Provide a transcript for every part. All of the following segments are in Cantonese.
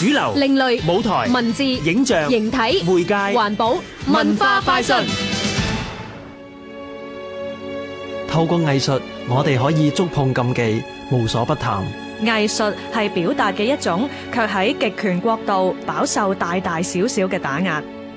主流，另類舞台、文字、影像、形體、媒介、環保、文化快訊。透過藝術，我哋可以觸碰禁忌，無所不談。藝術係表達嘅一種，卻喺極權國度飽受大大小小嘅打壓。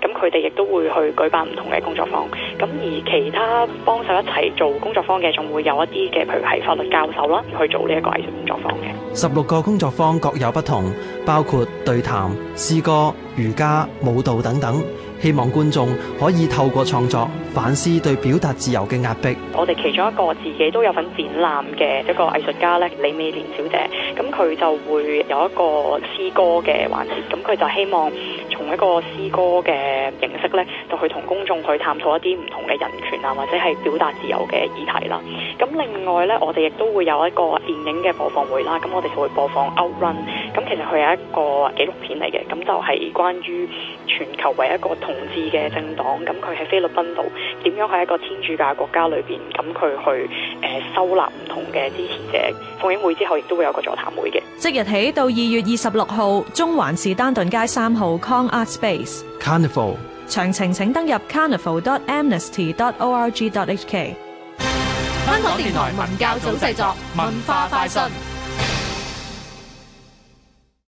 咁佢哋亦都會去舉辦唔同嘅工作坊，咁而其他幫手一齊做工作坊嘅，仲會有一啲嘅，譬如係法律教授啦，去做呢一個藝術工作坊嘅。十六個工作坊各有不同，包括對談、詩歌、瑜伽、舞蹈等等。希望觀眾可以透過創作反思對表達自由嘅壓迫。我哋其中一個自己都有份展覽嘅一個藝術家咧，李美蓮小姐，咁佢就會有一個詩歌嘅環節，咁佢就希望從一個詩歌嘅形式咧，就去同公眾去探討一啲唔同嘅人權啊，或者係表達自由嘅議題啦。咁另外咧，我哋亦都會有一個電影嘅播放會啦，咁我哋就會播放 Out Run。咁其實佢係一個紀錄片嚟嘅，咁就係關於全球唯一一個同志嘅政黨。咁佢喺菲律賓度點樣喺一個天主教國家裏邊，咁佢去誒、呃、收納唔同嘅支持者。放映會之後，亦都會有個座談會嘅。即日起到二月二十六號，中環士丹頓街三號 Con Art Space Carnival。Pace, Carn ival. 詳情請登入 carnival.amnesty.org.hk。香港電台文教組製作文化快訊。